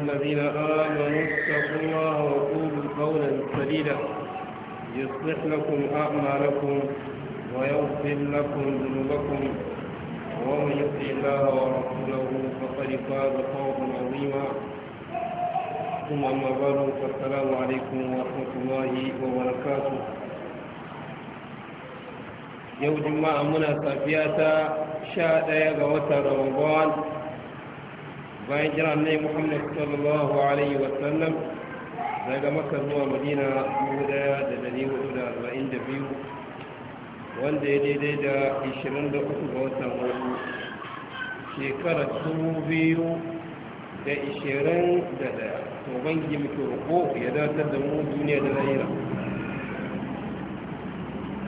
الذين آمنوا اتقوا الله وقولوا قولا سديدا يصلح لكم أعمالكم ويغفر لكم ذنوبكم ومن يطع الله ورسوله فقد فاز فوزا عظيما ثم أما بعد فالسلام عليكم ورحمة الله وبركاته يوم جمعة منا سافياتا شاء يا رمضان bayan jira annai muhammad sallallahu alaihi wasallam daga maka zuwa madina 1442 wanda ya daidai da 23 ga watan wasu shekarar 2021 to bangi muke roƙo ya datar da mu duniya da lahira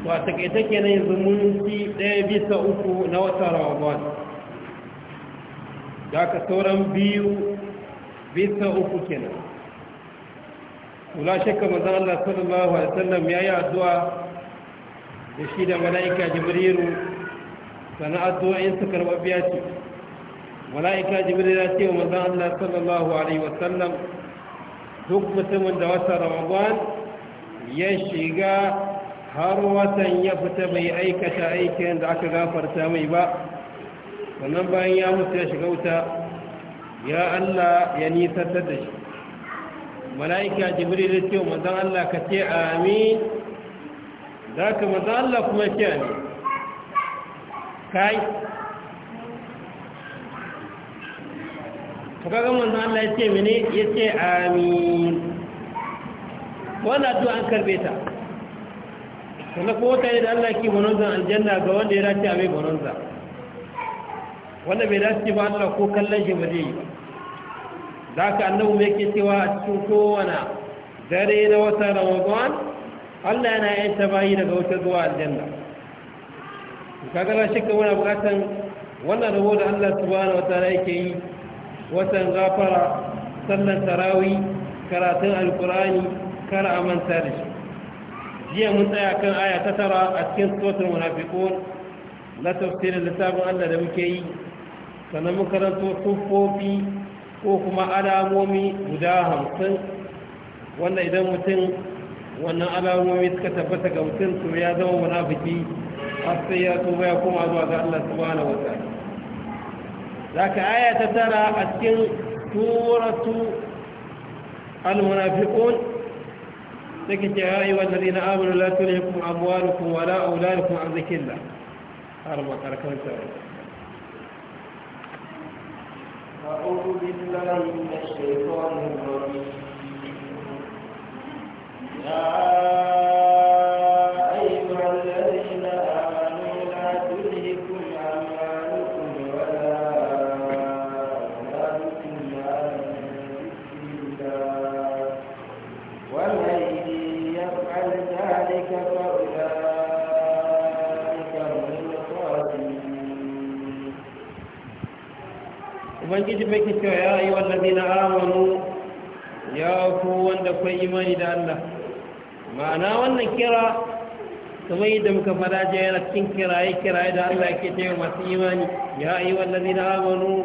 ba ta kai take na yanzu mun ɗaya bisa uku na wata ba. daga sauran biyu bisa uku kenan kula shakka mazan Allah sallallahu alaihi wasallam ya yi addu'a da shi da mala'ika jibrilu sana addu'o'in su biya ce mala'ika jibrilu ya ce wa mazan Allah sallallahu alaihi wasallam duk mutumin da wata ramadan ya shiga har watan ya fita bai aikata aikin da aka gafarta mai ba sannan bayan ya mutu ya shiga wuta ya Allah ya nisantar da shi mala'ika jibril ya ce wa manzon Allah ka ce amin za ka manzon Allah kuma ce amin kai ka ga manzon Allah ya ce mene ya ce amin wannan addu'a an karbe ta sannan ko ta yi da Allah ke bononzan aljanna ga wanda ya dace a mai bononzan wanda bai dace ba Allah ko kallon shi ba zai yi ba za ka annabu mai ke cewa a cikin kowane dare na wata ramadan Allah yana yanta bayi daga wata zuwa aljanna kaga na shakka wani bukatan wannan rabo da Allah subhanahu wa ta'ala yake yi watan gafara sallan tarawi karatun alkurani kar a manta da shi jiya mun tsaya kan aya ta tara a cikin suratul munafiqun na tafsirin littafin Allah da muke yi sannan makaranto tuffofi ko kuma alamomi guda hamsin wanda idan mutum wannan alamomi suka tabbata ga mutum to ya zama munafiki har sai ya tuba ya koma zuwa ga Allah subhanahu wa ta'ala zaka aya ta tara a cikin suratu al-munafiqun take ce ya ayyuhal ladina amanu la tulhikum amwalukum wala auladukum an dhikrillah har ma karkanta Yeah. ubangiji bai ke cewa ya yi wallazi na amanu ya ku wanda kwai imani da Allah ma'ana wannan kira kamar da muka fada je yana cikin kiraye kiraye da Allah ke cewa masu imani ya yi wallazi na amanu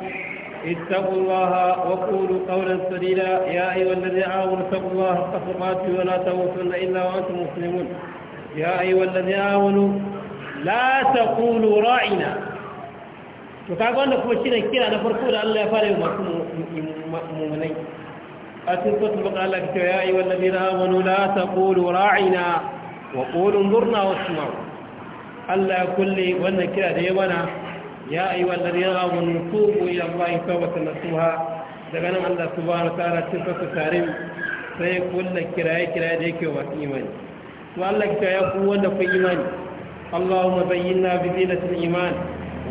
اتقوا الله وقولوا قولا سديدا يا ايها الذين امنوا اتقوا الله حق تقاته ولا تموتن الا وانتم مسلمون يا ايها الذين امنوا لا تقولوا ra'ina. to kaga wanda kuma shi kira na farko da Allah ya fara yi masu muminai. a cikin sautin baka Allah ka cewa ya yi wannan zira amanu la ta ƙolu ra'ina wa ƙolun murna wasu Allah ya kulle wannan kira da ya ya yi wannan zira amanu tubu ila Allah ya kawo wata nasuha daga nan Allah subhanahu ta'ala cikin sautin tarim sai kulle kiraye kiraye da yake masu imani to Allah ka cewa ya ku wanda kun imani اللهم زينا بزينة الإيمان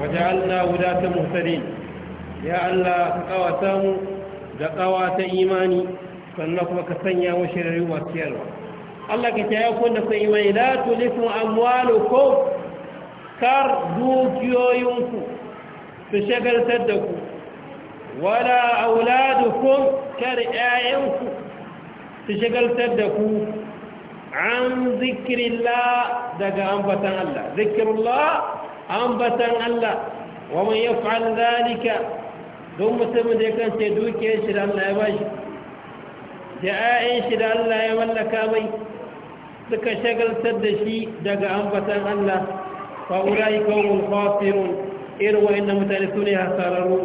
وجعلنا ya Allah ka kawata mu da ƙawata imani sannan kuma ka sanya wa shirarri masu ciyarwa Allah ka ta yakun da sun imani la tulikum amwalukum kar dukiyoyinku su shagaltar da ku wala auladukum kar ƴaƴanku su shagaltar da ku an zikrillah daga ambatan Allah zikrullah ambatan Allah wa man yaf'al zalika don mutumin da ya kance dukiyar shi da Allah ya bashi da 'ya'yan shi da Allah ya mallaka mai suka shagaltar da shi daga ambatan Allah fa ulai kawun khasirun irin wa'inda mutane su ne hasararru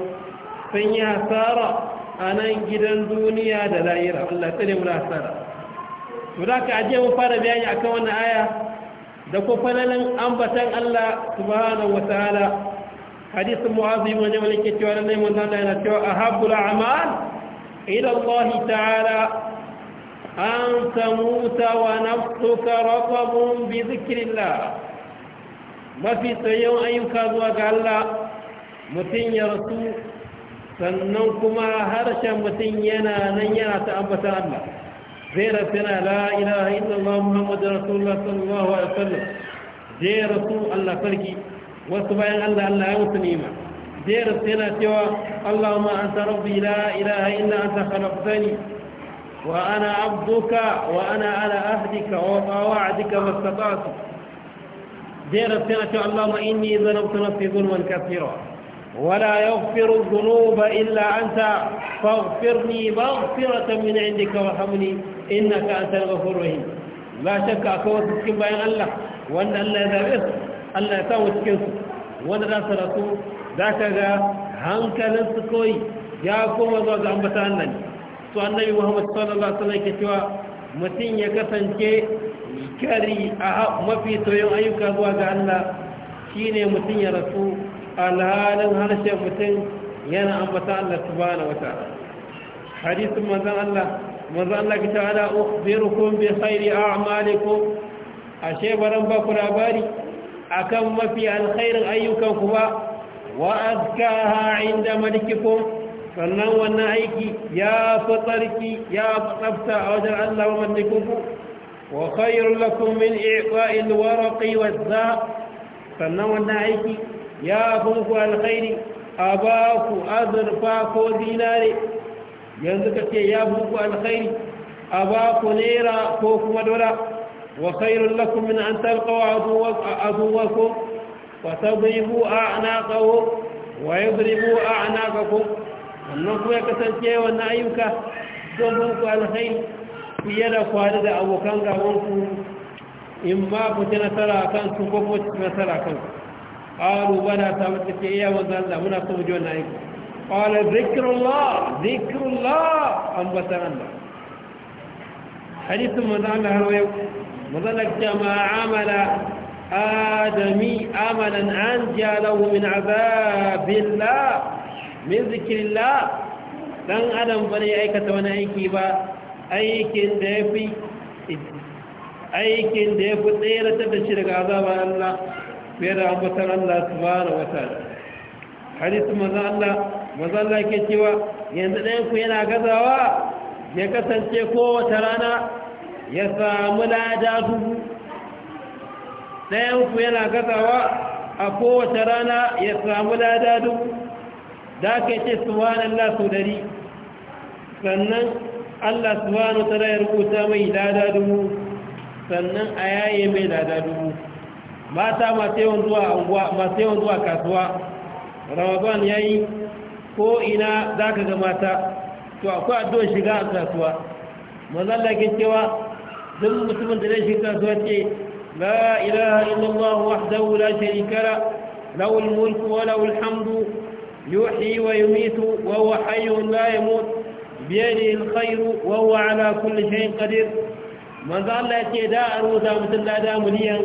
sun yi hasara a nan gidan duniya da lahira Allah ta ne mu hasara to da ka aje mu fara bayani akan wannan aya da ko falalan ambatan Allah subhanahu wataala hadisin mu'adh ibn jabal yake cewa lallai manzo Allah yana cewa ahabbul a'mal ila Allah ta'ala an tamuta wa nafsuka raqabun bi dhikrillah mafi tsayon ayyuka zuwa ga Allah mutum ya rasu sannan kuma harshen mutum yana nan yana ta ambatan Allah فيرتنا لا إله إلا الله محمد رسول الله صلى الله عليه وسلم جي رسول الله فلكي وسبحان الله الله يوسنيما جي سوى اللهم أنت ربي لا إله إلا أنت خلقتني وأنا عبدك وأنا على أهدك ووعدك ما استطعت جي سوى اللهم إني ظلمت نفسي ظلما كثيرا ولا يغفر الذنوب إلا أنت فاغفرني مغفرة من عندك وارحمني inna ka an san gafur rahim ba shakka akwai wasu cikin bayan Allah wanda Allah ya zaɓe su Allah ya samu cikin su wanda za su rasu za ka ga hankalin su koyi ya koma zuwa ga ambata Allah ne to annabi Muhammad sallallahu alaihi wasallam ke cewa mutum ya kasance kari a mafi soyon ayyuka zuwa ga Allah shine mutum ya rasu alhalin harshen mutum yana ambata Allah subhanahu wa ta'ala hadisin manzon Allah manzo Allah ki ta'ala ukhbirukum bi khairi a'malikum ashe baran ba ku labari akan mafi alkhairin ayyukan ku ba wa azkaha inda malikikum sannan wannan aiki ya fi tsarki ya tsafta a wajen Allah wa mallikuku wa khairul lakum min i'qa'il waraqi wadh-dhahab sannan wannan aiki ya fi muku alkhairi a ba ku azurfa ko dinare yanzu ka ce ya buku alkhairi a ba ku nera ko kuma dola wa khairun lakum min an talqaw aduwakum fa tadribu a'naqahu wa yadribu a'naqakum wannan kuma ya kasance wannan ayyuka don buku alkhairi fiye da kwari da abokan ku. in ma ku ci nasara a kansu ko ku ci nasara a kansu ƙaru ba na samun tafiya iya wanzan da muna so mu ji wannan aiki قال ذكر الله ذكر الله أنبتنا حديث مضالة هو مضالة كما عمل آدمي عملا أنجى له من عذاب الله من ذكر الله لن أدم بني أيكة وانا أيكيبا أيكين ديفي أيكين ديفي ديرة تبشرك عذاب الله فيرا أنبتنا الله سبحانه وتعالى حديث مضالة mazalla ke cewa yanzu ɗayanku yana gazawa ya kasance kowace rana ya samu lada dubu ɗayanku yana gazawa a kowace rana ya samu lada dubu da ke ce subhanallah sau dari sannan allah subhanahu ta ya rubuta mai lada dubu sannan a yaye mai lada dubu mata masu yawan zuwa kasuwa ramadan ya yi ko ina za ka ga mata to akwai addu'ar shiga a kasuwa mazalla ke cewa duk mutumin da zai shiga kasuwa ce la ilaha illallah wahdahu la sharika la lahu al-mulku wa lahu al-hamdu yuhyi wa yumitu wa huwa hayyun la yamut bi yadihi al-khayr wa huwa ala kulli shay'in qadir manzo Allah ya ce da a rubuta mutum da miliyan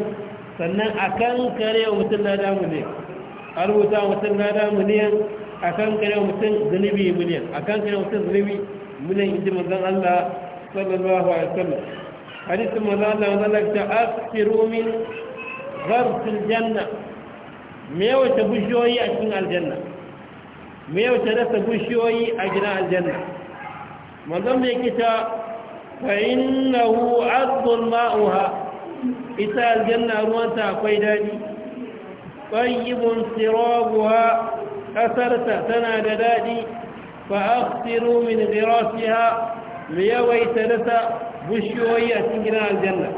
sannan akan kare mutum lada miliyan a rubuta mutum lada miliyan a kan kare mutum zunubi miliyan a kan kare mutum zunubi miliyan inji mazan Allah sallallahu alaihi wasallam hadisin mazan Allah mazan Allah ta aske min zarfin janna me yawaita bushiyoyi a cikin aljanna me yawaita rasa bushiyoyi a gina aljanna manzan da yake ta fa innahu azbun ma'uha ita aljanna ruwanta akwai dadi tayyibun buwa kasarta tana da daɗi fa aksiru min zirasiha mu yawaita dasa bishiyoyi a cikin aljanna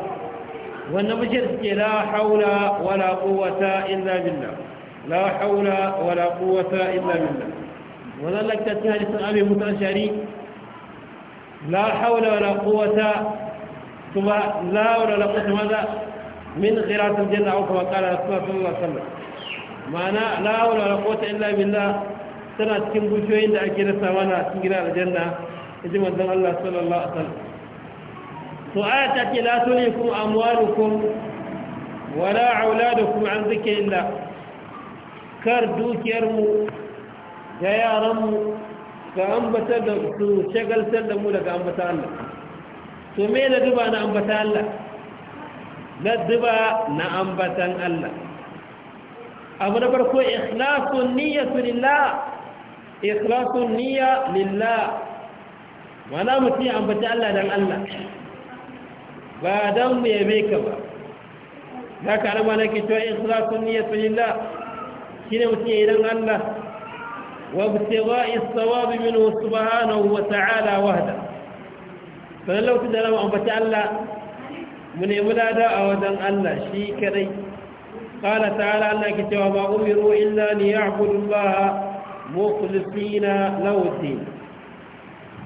wannan bishiyar suke la haula wala quwwata illa billah la haula wala quwwata illa billah wannan lakacin hadisin abi mutan shari la haula wala quwwata kuma la haula wala quwwata maza min ghiratil janna aw kama qala rasulullah sallallahu alaihi wasallam ma'ana la hawla wala illa billah tana cikin bushiyoyin da ake rasa mana cikin gidan aljanna yaji manzon Allah sallallahu alaihi sallam. to aya ta ce la tulikum amwalukum wala kuma an zikrillah kar dukiyarmu ga yaranmu ga ambatar da su shagaltar da mu daga ambata Allah to me na duba na ambata Allah na duba na ambatan Allah abu na farko ikhlasun niyyatu lillah ikhlasun niyya lillah mana mutum ya ambaci Allah dan Allah ba dan mu yabe ka ba za ka rama na ke cewa ikhlasun niyyatu lillah shine mutum ya yi don Allah wa ibtigha'i as wasu minhu subhanahu wa ta'ala wahda sanan lokacin da mu ambaci Allah mu nemi lada a wajen Allah shi kadai قال تعالى أنك وما أمروا إلا ليعبدوا الله مخلصين له الدين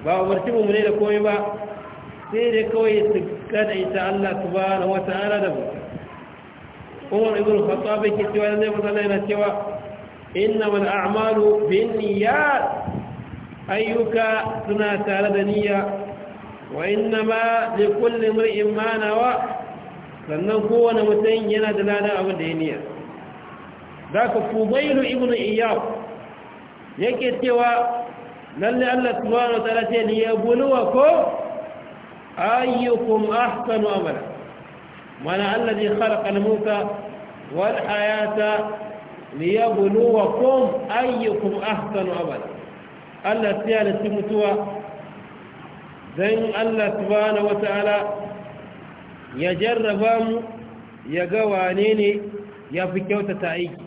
فأمرتم من إلى كوي با سيدي كوي سكاد إيسا الله سبحانه وتعالى دبو عمر ابن الخطاب كتوى النبي صلى الله عليه وسلم إنما الأعمال بالنيات أيك سنة على دنيا وإنما لكل امرئ ما نوى sannan kowane matsayin yana da ladan abin da ya niyya za ka fubailu ibn iyab yake cewa lalle Allah subhanahu wa ta'ala ce ni buluwa ko ayyukum ahsanu amala mana allazi khalaqa al-mauta wal hayata buluwa ko ayyukum ahsanu amala Allah ya lissi mutuwa dan Allah subhanahu wa ta'ala ya jarraba mu ya ga wane ne ya fi kyauta ta aiki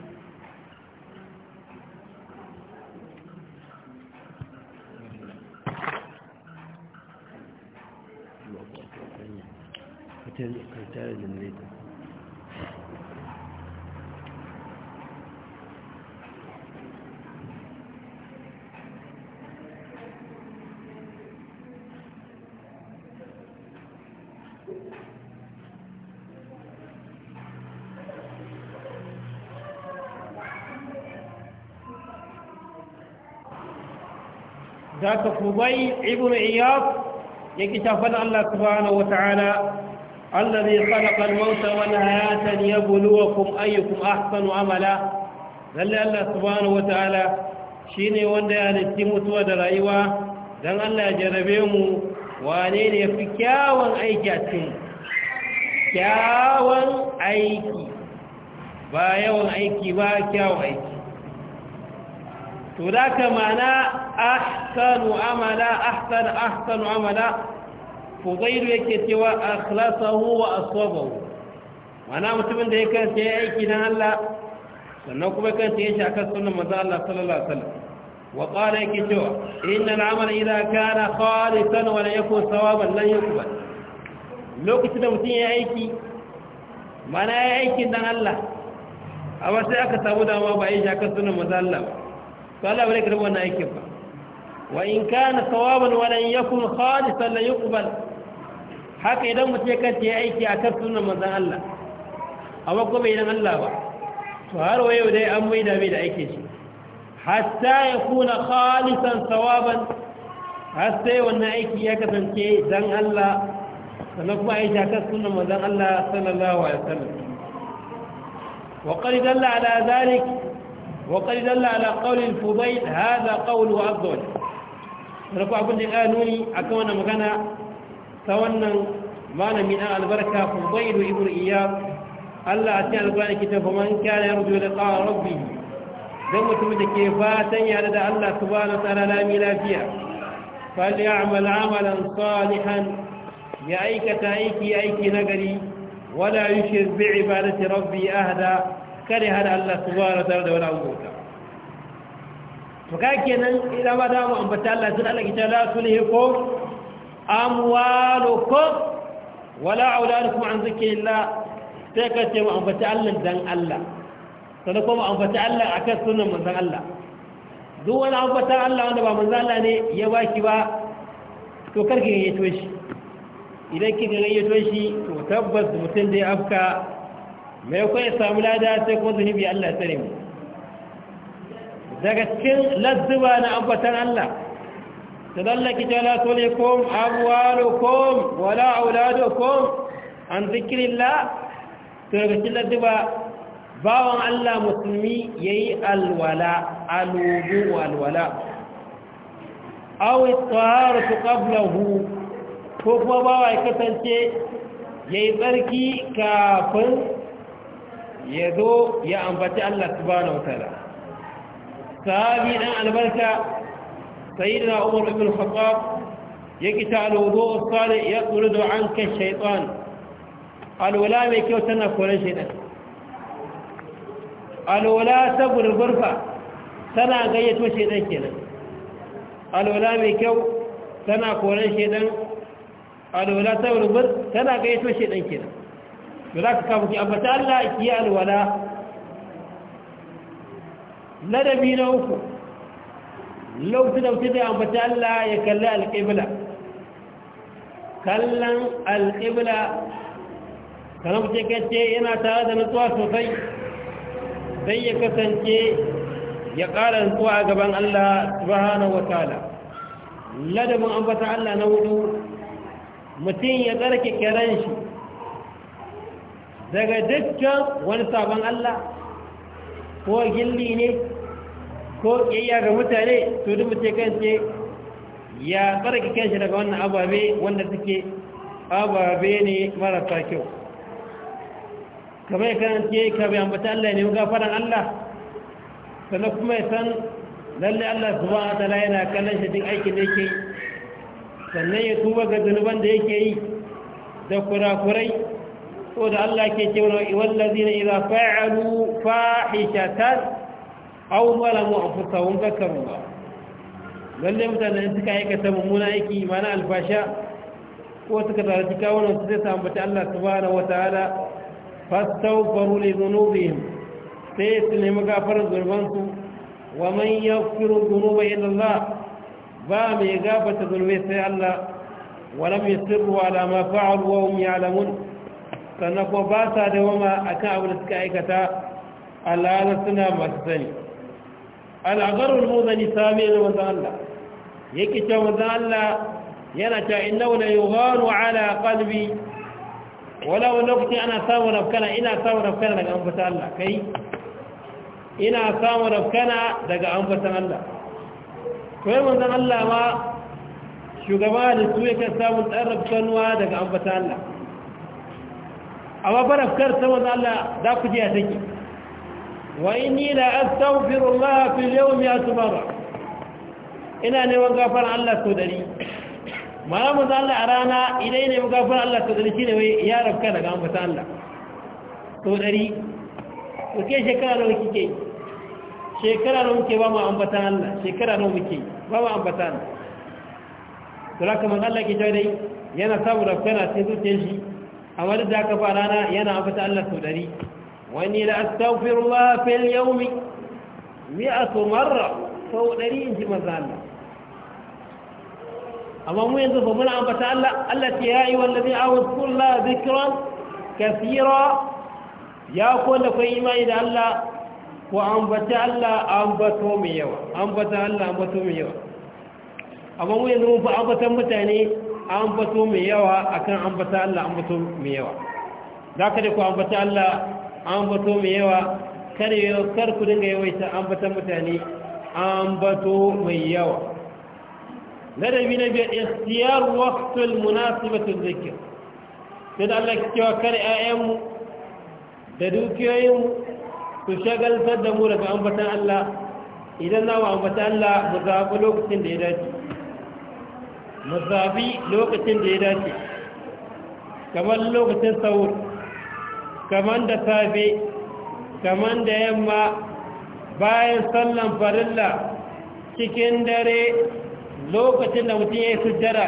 Thank haka fubai ibn iyaf yake ta faɗa Allah subhanahu wata'ala allazi khalaqa al-mauta wal hayata liyabluwakum ayyukum ahsanu amala lalle Allah subhanahu wata'ala shine wanda ya halitti mutuwa da rayuwa dan Allah ya jarabe mu wane ne yafi kyawun aiki a cikin kyawun aiki ba yawan aiki ba kyawun aiki to da ka mana ahsanu amala ahsan ahsanu amala fudailu yake cewa akhlasahu wa asabahu mana mutumin da ya kanta ya aiki na Allah sannan kuma kan kanta ya shaka sunan manzo Allah sallallahu alaihi wasallam wa qala yake cewa innal amala idza kana khalisan wa la yakun sawaban lan yuqbal lokacin da mutum ya aiki mana ya aiki dan Allah amma sai aka samu dama ba ya shaka sunan manzo Allah ba to Allah bai karɓi wannan aikin ba wa in kana sawaban walan yakun khalisan la yuqbal haka idan mutum ya kace a kan sunnan manzon Allah amma ko bai dan Allah ba to har wayo dai an maida mai da aikin shi hatta yakuna khalisan sawaban har sai wannan aiki ya kasance dan Allah sannan kuma aiki akan sunnan manzon Allah sallallahu alaihi wasallam وقد دل على ذلك وقد دل على قول الفضيل هذا قوله عز وجل رفع ابن الآنوني أكون مغنى تونا معنى من البركة فضيل ابن إياب ألا أتي القرآن كتاب فمن كان يرجو لقاء ربه دم تمد كيفاتا يعدد الله سبحانه وتعالى لا ملا فيها فليعمل عملا صالحا يا أيك تأيكي أيكي نقري ولا يشرك بعبادة ربي أهدا kare hada Allah subhanahu wa ta'ala da wani abu to ka kenan idan ba za mu ambata Allah sun Allah kita la tulhikum amwalukum wala auladukum an zikrillah sai ka ce mu ambata Allah dan Allah sannan kuma ambata Allah akan sunan manzon Allah duk wani ambata Allah wanda ba manzon Allah ne ya baki ba to karki ya to shi idan kika gayyato shi to tabbas mutum da ya afka mai kwa ya samu lada sai ko zunubi Allah ya tsare mu daga cikin lazzuba na ambatan Allah ta lallaki ta la tulikum amwalukum wala auladukum an zikirillah to daga cikin lazzuba bawan Allah musulmi yayi alwala alubu alwala aw at-taharatu qablahu ko kuma bawa ya kasance yayi tsarki kafin ya zo ya ambaci Allah subhanahu wataala sahabi dan albarka sayyidina Umar ibn Khattab yake ta alwudu salih ya turidu anka shaytan alwala mai kyau tana koran shaytan alwala ta gurgurfa tana gayyato shaytan kenan alwala mai kyau tana koran shaytan alwala ta gurgur tana gayyato shaytan kenan da za ka kama ki ambata Allah ki yi alwala ladabi na uku lauti da wuce da Allah ya kalli alƙibla kallon alƙibla kanan mutum kacce yana tare da nutsuwa sosai don ya kasance ya ƙara nutsuwa a gaban Allah subhanahu wa ta'ala ladabin ambata Allah na hudu mutum ya tsarki karen shi daga dukkan wani sabon Allah ko gilli ne ko ƙiyayya ga mutane to duk mutum kance ya tsarki kanshi daga wannan ababe wanda suke ababe ne marasa kyau kamar kan ce ka bai ambata Allah ne gafaran Allah sannan kuma ya san lalle Allah subhanahu wa ta'ala yana kallon shi duk aikin da yake sannan ya tuba ga zunuban da yake yi da kurakurai saboda Allah ke ce wani cewa wallazina idza fa'alu fahishatan aw zalamu anfusahum zakaru lalle mutanen suka aikata mummuna aiki mana alfasha ko suka tsarki kawunan su zai sambata Allah subhanahu faru ne li dhunubihim sai su nemi gafarar zurbansu wa man yaghfiru ba illa Allah ba mai gafarta zurbai sai Allah wa lam yusirru ala ma fa'alu wa hum ya'lamun sannan ko ba sa dawama akan abu da suka aikata al'ada suna masu sani al'agarul muzani sami na manzan Allah yake cewa manzan Allah yana cewa inna yi yugharu ala qalbi wala wani lokaci ana samun rafkana ina samun rafkana daga ambatan Allah kai ina samun rafkana daga ambatan Allah Kai manzan Allah ma shugaba da su yakan samun ɗan rafkanuwa daga ambatan Allah amma barafkar ta wanzu Allah za ku ji a take wa inni la Allah fi yawmi asbara ina neman gafar Allah sau dari mana mu Allah a rana idan ne mu gafar Allah sau dari shine wai ya rafka daga ta Allah sau dari to ke shekara nawa kike shekara nawa kike ba mu ambata Allah shekara nawa muke ba mu ambata Allah to laka man Allah ke jawo yana sabu samu rafkana sai zuciyar shi a wani da aka fara na yana fita Allah sau dari wani da astaghfirullah fil yawmi mi'atu marra sau dari in ji manzo Allah amma mu yanzu ba muna ambata Allah Allah ce ya yi wallazi awzkullah zikran kathira ya ko da kai imani da Allah ko ambata Allah ambato mai yawa ambata Allah ambato mai yawa amma mu yanzu mun fa ambatan mutane ambato mai yawa akan ambata Allah ambato mai yawa za ka da ku ambata Allah ambato mai yawa kar ku dinga yawaita ambatan mutane ambato mai yawa ladabi na biyar istiyar waqtul munasibatul zikr sai da Allah cewa kar 'ya'yanmu da dukiyoyin su shagaltar da mu daga ambatan Allah idan na wa ambatan Allah mu zaɓi lokacin da ya dace mazabi lokacin da ya dace kamar lokacin sahur kamar da safe kamar da yamma bayan sallan farilla cikin dare lokacin da mutum ya yi sujjara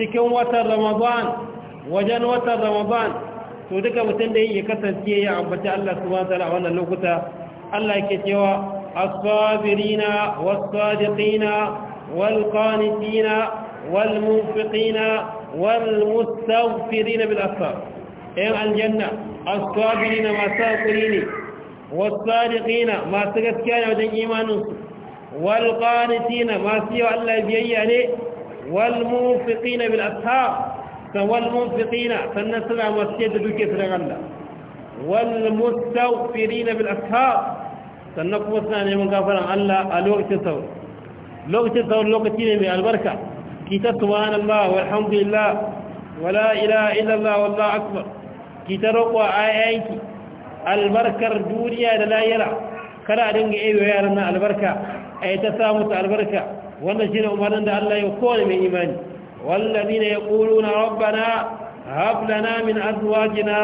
cikin watan ramadan wajen watan ramadan to duka mutum da ya kasance ya ambaci Allah su wa a wannan lokuta Allah ke cewa asfabirina wasu was-sadiqina والمنفقين والمستغفرين بالأسفار إيه الجنة الصابرين ما ساقرين والصادقين ما سقت كان وجن إيمان والقانتين ما سيوا الله بيئي والمنفقين بالأسفار والمنفقين فالنسلع مسجد دوكي سرغلا والمستغفرين بالأسفار sannan kuma suna neman gafaran Allah a lokacin sauri lokacin sauri lokaci ne mai albarka kita subhana Allah walhamdulillah wala ilaha illallah wallahu akbar kita roko ayayki albarkar duniya da layira kada a dinga ewe yaran na albarka ay ta samu ta albarka wannan shine umarin da Allah ya kore mai imani walladina yaquluna rabbana hab lana min azwajina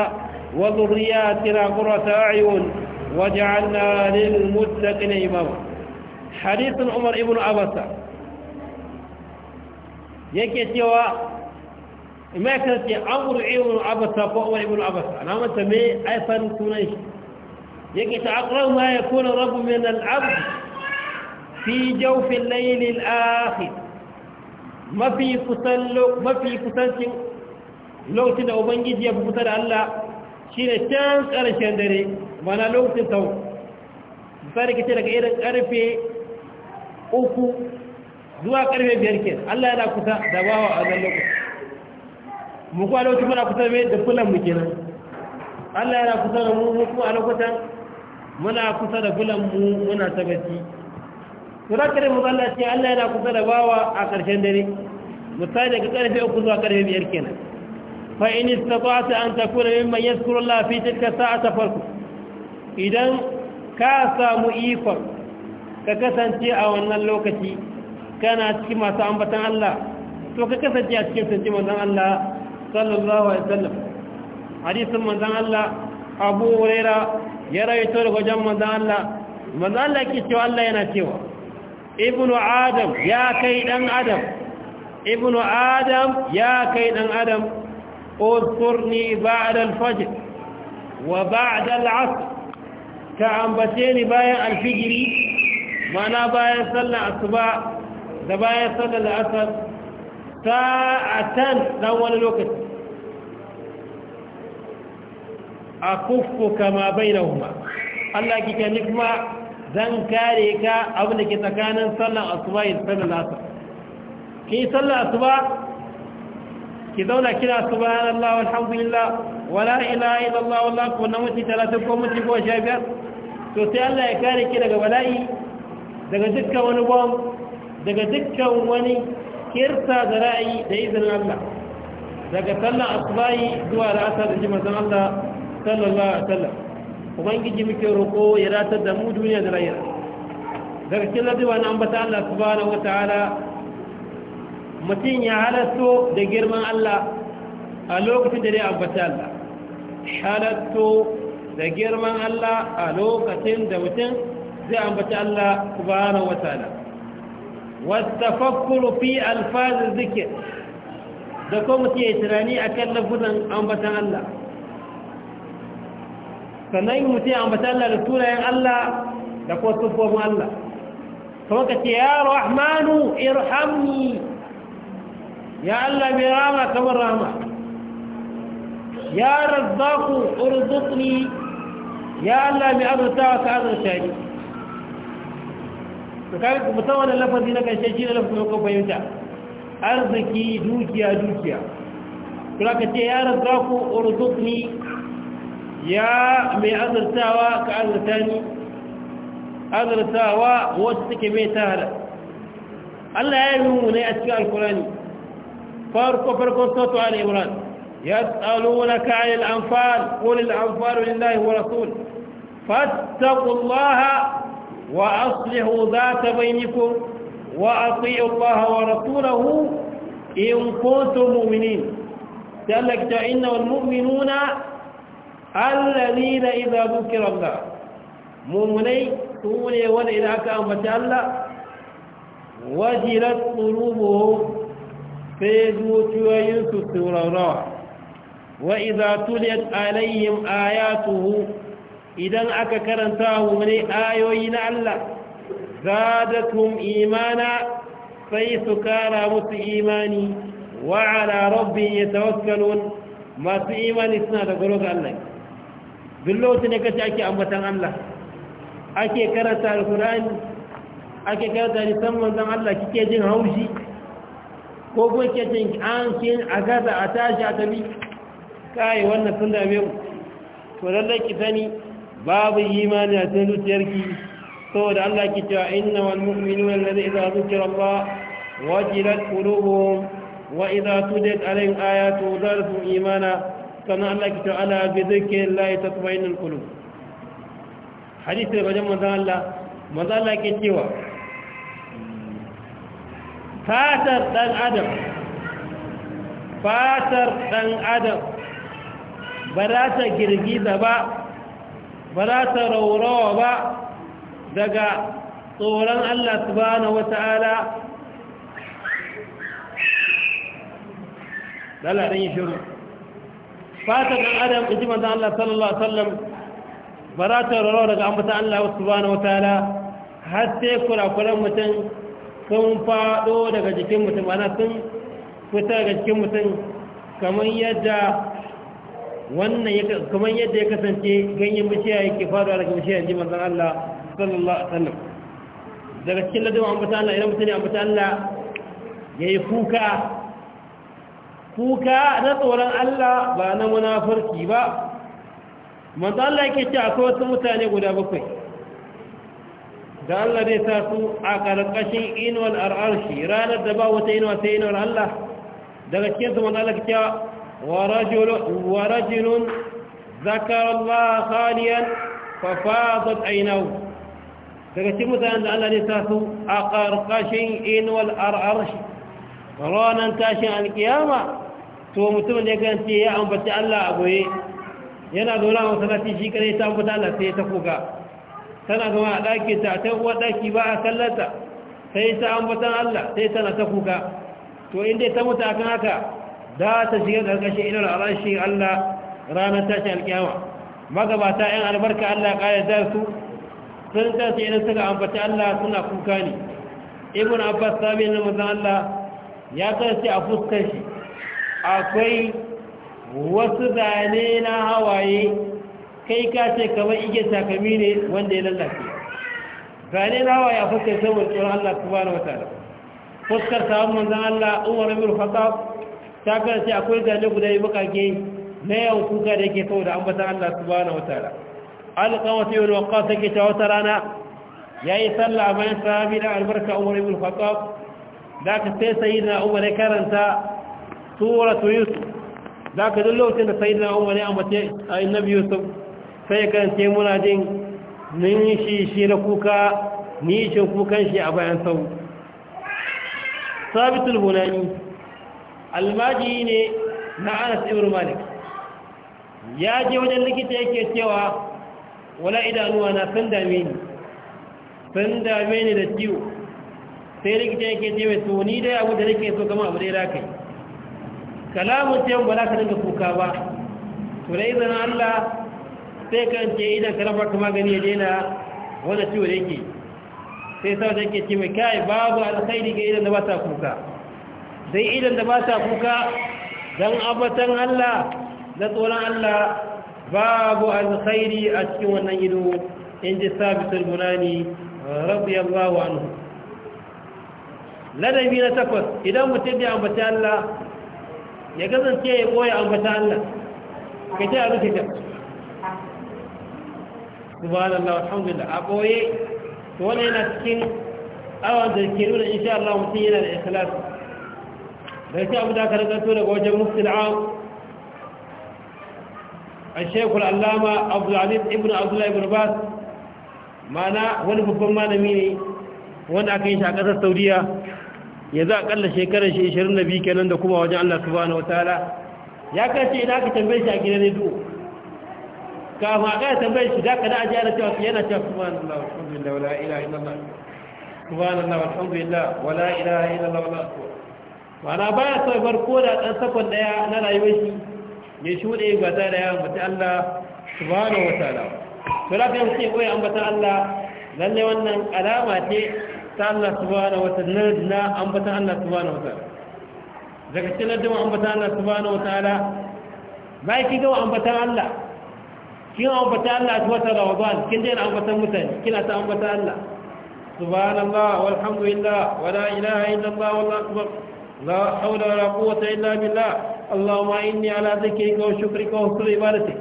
wa dhurriyyatina qurrata a'yun waj'alna lil muttaqina imama hadithun umar ibn abasa yake cewa imaikar ce amur ibn abasa ko umar ibn abasa na mata me aifan tunan shi yake ta akwai ma ya kuna rabu min al'abd fi jaufin lailin akhir mafi kusancin lokacin da ubangiji ya fi kusa da allah shi ne can ƙarshen dare mana lokacin sau misali ce daga irin ƙarfe uku zuwa karfe biyar ke Allah yana kusa da bawa a wajen lokaci mu kuma lokaci muna kusa mai da fulan mu kenan Allah yana kusa da mu mu kuma a lokutan muna kusa da fulan mu muna tabbaci sura kare mu Allah ce Allah yana kusa da bawa a ƙarshen dare misali daga karfe uku zuwa karfe biyar kenan fa in istata'ta an takuna mimman yadhkuru Allah fi tilka sa'ata farko idan ka samu ikon ka kasance a wannan lokaci kana cikin masu ambatan Allah to ka kasance a cikin sunci manzan Allah sallallahu alaihi wasallam hadisin manzan Allah Abu Huraira ya rayu rawaito daga wajen manzan Allah manzan Allah yake cewa Allah yana cewa Ibn adam ya kai dan adam Ibn adam ya kai dan adam al-fajir, wa اذكرني al الفجر وبعد العصر كأنبتين بايا الفجر وانا bayan صلى asuba. da bayan sallar la'asar sa'atan dan wani lokaci a kuffu ma bai na huma allah kika nufma zan kare ka abinda ke tsakanin sallar asuba yin sallar la'asar ki sallar asuba ki zauna kira asuba subhanallah walhamdulillah wala ilaha illallah wallahu akbar na mutum talatin ko mutum ko sha biyar to sai allah ya kare ki daga bala'i daga dukkan wani bom daga dukkan wani kirta da ra'ayi da izinin Allah daga sallan asubahi zuwa la'asar da jimar Allah sallallahu alaihi wasallam ubangiji muke roƙo ya ratar da mu duniya da rayuwa daga cikin ladewa na ambata Allah subhanahu wataala mutum ya halatto da girman Allah a lokacin da dai ambata Allah halatto da girman Allah a lokacin da mutum zai ambata Allah subhanahu wataala والتفكر في الفاظ الذكر دكم تيتراني اكن لفظن امبتا الله فنين متي امبتا الله رسولا ين الله دكو تفو الله كما كتي يا رحمن ارحمني يا الله برامة ورحمة يا رزاق ارزقني يا الله بأبتاك أرشاني to kai ku musa wannan lafazi na karshe shi ne lafazin ko fahimta arziki dukiya dukiya kula ka ce ya razzaku urzuqni ya mai azartawa ka azarta ni Azartawa wacce take mai ta hada Allah ya yi mu ne a cikin alkurani farko farko sautu ala imran ya tsalo na kayan amfani kolin amfani lillahi wa rasul fattakullaha وأصلحوا ذات بينكم وأطيعوا الله ورسوله إن كنتم مؤمنين تلك إنه المؤمنون الذين إذا ذكر الله مؤمني تولي وإذا أكأمة الله وجلت قلوبهم في ذوتيين السورة وإذا تليت عليهم آياته idan aka karanta wani ayoyi na Allah zadatum imana sai su kara musu imani wa ala rabbin yatawakkalun masu imani suna da goro ga Allah duk ne da kace ake ambatan Allah ake karanta alqur'ani ake karanta lisan zan Allah kike jin haushi ko kuma kike jin an kin agaza a tashi a tabi kai wannan sun dame mu to lallai ki sani babu imani a cikin zuciyarki saboda Allah ke cewa inna wal mu'minuna alladhi idza zukira Allah wajilat qulubuhum wa idza tudiyat alaihim ayatu zarfu imana sannan Allah ke cewa ala bi zikrillahi tatma'innul qulub hadisi daga wajen manzon Allah manzon Allah ke cewa fatar dan adam fatar dan adam ba za ta girgiza ba ba za ta raurawa ba daga tsoron Allah subhanahu wata'ala dala ɗan yi shiru fata ɗan adam in ji manzan Allah sallallahu ala'uwa ba za ta raurawa daga ambata Allah subhanahu wata'ala har sai kurakuren mutum sun faɗo daga jikin mutum ana sun fita daga jikin mutum kamar yadda wannan kuma yadda ya kasance ganyen bishiya yake faruwa daga bishiya ji manzan Allah sallallahu alaihi wasallam daga cikin ladawa ambata Allah idan mutane ambata Allah yayi kuka kuka na tsoron Allah ba na munafurci ba manzan Allah yake cewa akwai wasu mutane guda bakwai da Allah zai sa su a ƙarƙashin inuwar ar'arshi ranar da ba wata inuwa sai inuwar Allah daga cikin su manzan Allah ke cewa ورجل, ورجل ذكر الله خاليا ففاضت عينه فقسم مثلا أن النساس أقرقش إن والأرعرش رانا تاشن عن القيامة to mutum da ya ce ya ambaci Allah a goye yana zaune a masallaci shi kare ta ambaci Allah sai ta kuka tana zama a ɗaki ta ta uwa ɗaki ba a kallata sai ta ambatan Allah sai tana ta kuka to inda ta mutu akan haka da ta shiga ina da arashi Allah ranar tashin alƙiyama magabata 'yan albarka Allah ƙayar da su sun tashi idan suka ambaci Allah suna kuka ne ibn abbas sami na mazan Allah ya tashi a fuskar shi akwai wasu zane na hawaye kai ka ce kamar igiyar takami ne wanda ya lallace zane na hawaye a fuskar saboda tsoron Allah subhanahu wa ta'ala fuskar samun manzan Allah umar ibn khattab ta sai akwai zane guda yi bukake na yawan kuka da yake da ambatan Allah na subhanahu wataala alqawati wal waqas take ta wata rana ya yi sallah bayan sahabi na albarka Umar ibn Khattab da ka sai sayyidina Umar ya karanta suratu Yusuf da ka duk lokacin da sayyidina Umar ya ambace biyu Yusuf sai ya karanta muna jin nin shi shi na kuka ni shi kukan shi a bayan sau sabitul bunani almaji ne na anas ibn malik ya je wajen likita yake cewa wala idanuwa na sun dame ni sun dame ni da ciwo sai likita yake ce mai to ni dai abu da nake so kama abu dai da kai kalamun ce ba za ka dinga kuka ba to da allah sai kan ce idan ka rafa ka magani ya daina wanda ciwo yake sai sau da yake ce mai kai babu alkhairi ga idan da ba ta kuka dai idan da ba ta kuka don abatan Allah da tsoron Allah babu alkhairi a cikin wannan ido in ji sabitul bunani radiyallahu anhu ladabi na takwas idan mutum ya ambata Allah ya kasance ya koya ambata Allah ka ce a rufe ta subhanallah alhamdulillah a koye to wani yana cikin awon da ke nuna insha Allah mutum yana da ikhlas sai shi abu da aka rikanto daga wajen muftin am a shekul allama abdulaziz ibn abdullahi ibn bas mana wani babban malami ne wanda aka yi shi a ƙasar saudiya za a ƙalla shekarar shi 22 kenan da kuma wajen allah subhanahu wataala ya kashe idan aka tambaye shi a gidan rediyo kama aka tambaye shi za ka da ajiyar cewa yana cewa subhanallah walhamdulillah wala ilaha illallah subhanallah walhamdulillah wala ilaha illallah wala akbar mana ba ya sai ko da ɗan sakon ɗaya na rayuwar shi ya shuɗe ba ta da yawan mutu Allah subhanahu wa ta'ala to la ka yi koyi ambata Allah lalle wannan alama ce ta Allah subhanahu wa ta'ala na ambata Allah subhanahu wa ta'ala daga cikin ladama ambata Allah subhanahu wa ta'ala bai ki ga ambata Allah kin ambata Allah ta wata Ramadan kin dai ambata mutane kina ta ambata Allah subhanallah walhamdulillah wala ilaha illallah wallahu akbar لا حول ولا قوة إلا بالله اللهم إني على ذكرك وشكرك وحسن عبادتك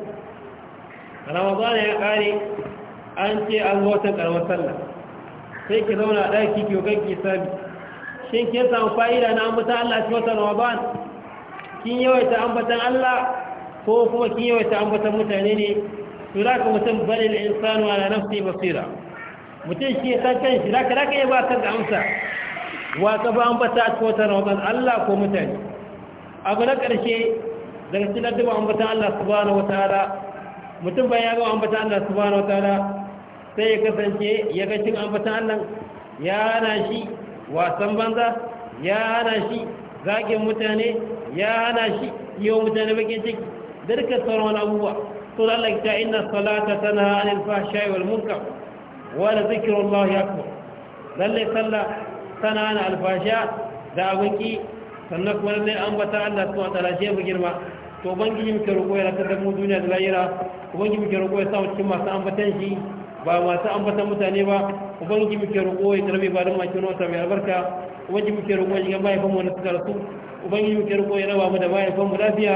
رمضان يا قاري أنت الوتك الوسلة sai ki zauna a ɗaki ki yogan ki sami shin kin samu fa'ida na ambatan Allah cikin watan Ramadan kin yawaita ambatan Allah ko kuma kin yawaita ambatan mutane ne to za ka mutum balil insanu ala nafsi basira mutum shi ya san kanshi za ka iya ba kan da amsa wa ka ba an bata a cikin watan ramadan Allah ko mutane abu na ƙarshe daga cikin addu'a an bata Allah subhanahu wataala mutum ba ga an bata Allah subhanahu wataala sai ya kasance ya ga cin an bata Allah ya hana shi wasan banza ya hana shi zagin mutane ya hana shi yiwa mutane bakin ciki da duka sauran wani abubuwa to da Allah ta inna salata tana anil fahsha'i wal munkar wa la zikrullahi akbar lalle sallah sana na alfashiya da abinki sannan kuma zai ambata Allah su wata shi mu girma to ubangiji muke roƙo ya rasa mu duniya da lahira ubangiji muke roƙo ya samu cikin masu ambatan shi ba masu ambatan mutane ba ubangiji muke roƙo ya tarbe ba don makin wata mai albarka ubangiji muke roƙo ya gaba ya famu wani suka rasu ubangiji muke roƙo ya raba mu da bayan famu lafiya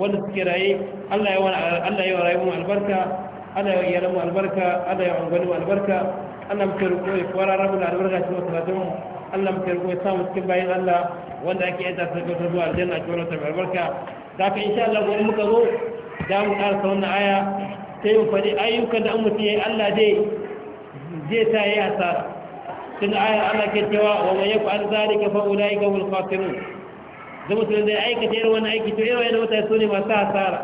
wanda suke raye Allah ya wa rayu mu albarka Allah ya wa iyalan mu albarka Allah ya wa angwani mu albarka Allah muke roƙo ya kwarara mu da albarka cikin wasu Allah mu karbo ya samu cikin bayan Allah wanda ake yadda sai ka zuwa aljanna ki wannan tabar barka da ka insha Allah wani muka zo da mu karanta wannan aya sai mu fadi ayyukan da mutum yayi Allah dai zai ta yi asara tun aya Allah ke cewa wa an yaf'al zalika fa ulai ka hul khasirun da mutum zai aikata irin wannan aiki to irin wannan mutane sune masu asara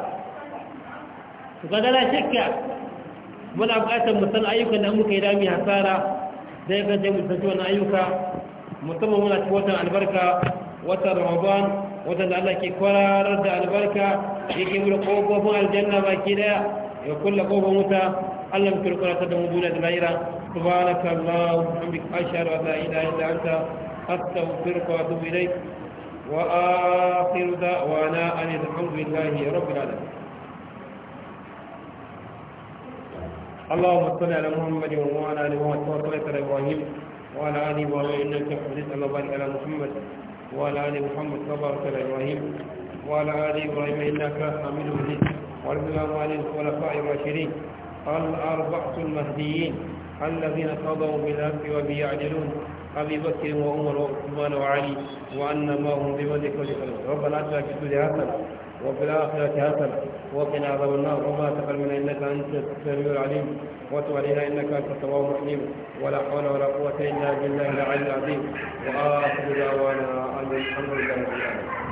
to kaga la shakka muna buƙatar mu san ayyukan da muka yi da mu hasara da ya kace mu san wani ayyuka musamman muna ci watan albarka watan ramadan watan da Allah ke kwararar da albarka yake bude kofofin aljanna baki daya ya kulla kofofin wuta Allah mutum kwarata da mu duniya da lahira subhanaka allahumma hamdika ashhadu an la ilaha illa anta astaghfiruka wa atubu ilayk وآخر دعوانا أن الحمد لله رب العالمين اللهم صل على محمد وعلى آل محمد وبارك على إبراهيم وعلى آله وصحبه إنك حميد الله بارك على محمد وعلى آل محمد تبارك على إبراهيم وعلى آل إبراهيم إنك حميد مجيد وارضنا عن الخلفاء الراشدين الأربعة المهديين الذين قضوا بالحق وبيعدلون يعدلون أبي بكر وعمر وعثمان وعلي وأنما هم بملك ربنا آتنا في الدنيا وفي الآخرة حسنة وقنا عذاب النار وما تقبل إنك أنت السميع العليم وتب علينا إنك أنت التواب الرحيم ولا حول ولا قوة إلا بالله العلي العظيم وآخر دعوانا أن الحمد لله رب العالمين